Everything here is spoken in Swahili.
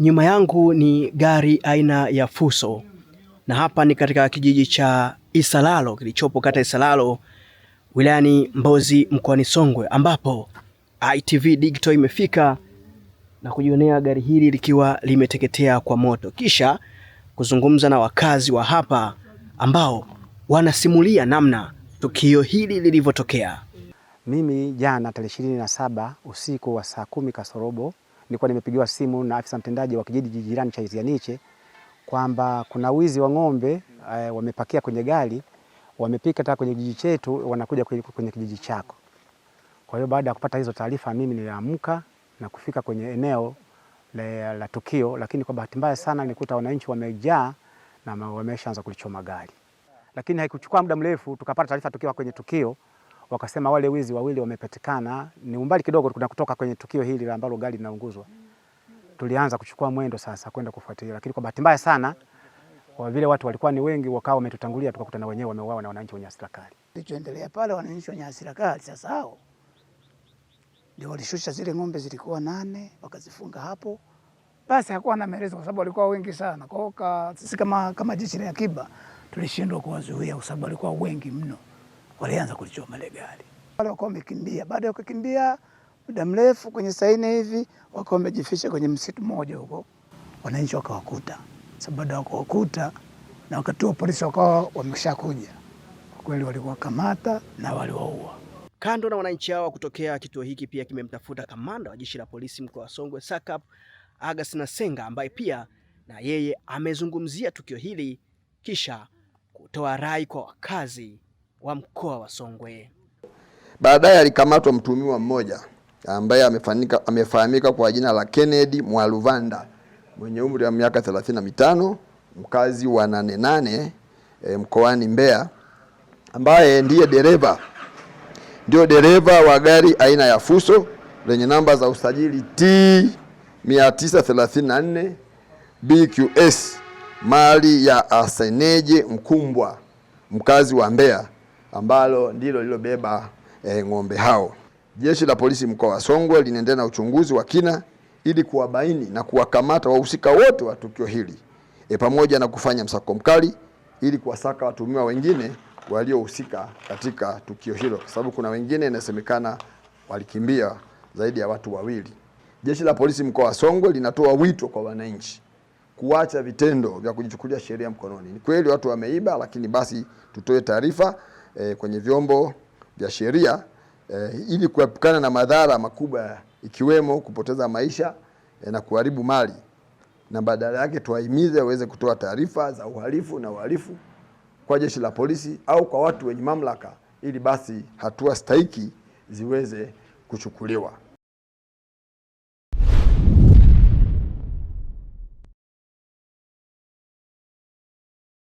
Nyuma yangu ni gari aina ya Fuso na hapa ni katika kijiji cha Isalalo kilichopo kata Isalalo wilayani Mbozi mkoani Songwe, ambapo ITV Digital imefika na kujionea gari hili likiwa limeteketea kwa moto, kisha kuzungumza na wakazi wa hapa ambao wanasimulia namna tukio hili lilivyotokea. Mimi jana tarehe ishirini na saba usiku wa saa kumi kasorobo nilikuwa nimepigiwa simu na afisa mtendaji wa kijiji jirani cha Izianiche kwamba kuna wizi wa ng'ombe e, wamepakia kwenye gari wamepika hata kwenye kijiji chetu wanakuja kwenye kijiji chako. Kwa hiyo baada ya kupata hizo taarifa, mimi niliamka na kufika kwenye eneo la, la tukio, lakini kwa bahati mbaya sana nilikuta wananchi wamejaa na wameshaanza kulichoma gari, lakini haikuchukua muda mrefu tukapata taarifa tukiwa kwenye tukio wakasema wale wizi wawili wamepatikana, ni umbali kidogo kuna kutoka kwenye tukio hili ambalo gari linaunguzwa. Tulianza kuchukua mwendo sasa kwenda kufuatilia, lakini kwa bahati mbaya sana kwa vile watu walikuwa ni wengi, wakawa wametutangulia, tukakuta na wenyewe wameuawa na wananchi wenye hasira kali. Kilichoendelea pale, wananchi wenye hasira kali sasa hao ndio walishusha zile ng'ombe, zilikuwa nane, wakazifunga hapo. Basi hakuwa na maelezo kwa sababu walikuwa wengi sana. Kwa hiyo sisi kama, kama jeshi la akiba tulishindwa kuwazuia kwa sababu walikuwa wengi mno walianza kulichoma ile gari. Wale wakawa wamekimbia, baada ya kukimbia muda mrefu kwenye saini hivi wakawa wamejificha kwenye msitu mmoja huko, wananchi wakawakuta. Sasa baada ya wakawakuta na wakati huo polisi wakawa wameshakuja, kwa kweli waliwakamata na waliwaua. Kando na wananchi hao kutokea, kituo hiki pia kimemtafuta kamanda wa jeshi la polisi mkoa wa Songwe SACP Augustine Senga ambaye pia na yeye amezungumzia tukio hili kisha kutoa rai kwa wakazi wa mkoa wa Songwe. Baadaye alikamatwa mtuhumiwa mmoja ambaye amefahamika kwa jina la Kennedy Mwaluvanda mwenye umri wa miaka 35 mkazi wa Nane Nane e, mkoani Mbeya ambaye ndiye dereva ndio dereva wa gari aina ya Fuso lenye namba za usajili T 934 BQS mali ya Aseneje Mkumbwa mkazi wa Mbeya ambalo ndilo lilobeba e, ng'ombe hao. Jeshi la polisi mkoa wa Songwe linaendelea na uchunguzi wa kina ili kuwabaini na kuwakamata wahusika wote wa tukio hili e, pamoja na kufanya msako mkali ili kuwasaka watuhumiwa wengine waliohusika katika tukio hilo, kwa sababu kuna wengine inasemekana walikimbia zaidi ya watu wawili. Jeshi la polisi mkoa wa Songwe linatoa wito kwa wananchi kuacha vitendo vya kujichukulia sheria mkononi. Ni kweli watu wameiba, lakini basi tutoe taarifa e, kwenye vyombo vya sheria e, ili kuepukana na madhara makubwa ikiwemo kupoteza maisha e, na kuharibu mali, na badala yake tuwahimize waweze kutoa taarifa za uhalifu na uhalifu kwa jeshi la polisi au kwa watu wenye mamlaka, ili basi hatua stahiki ziweze kuchukuliwa.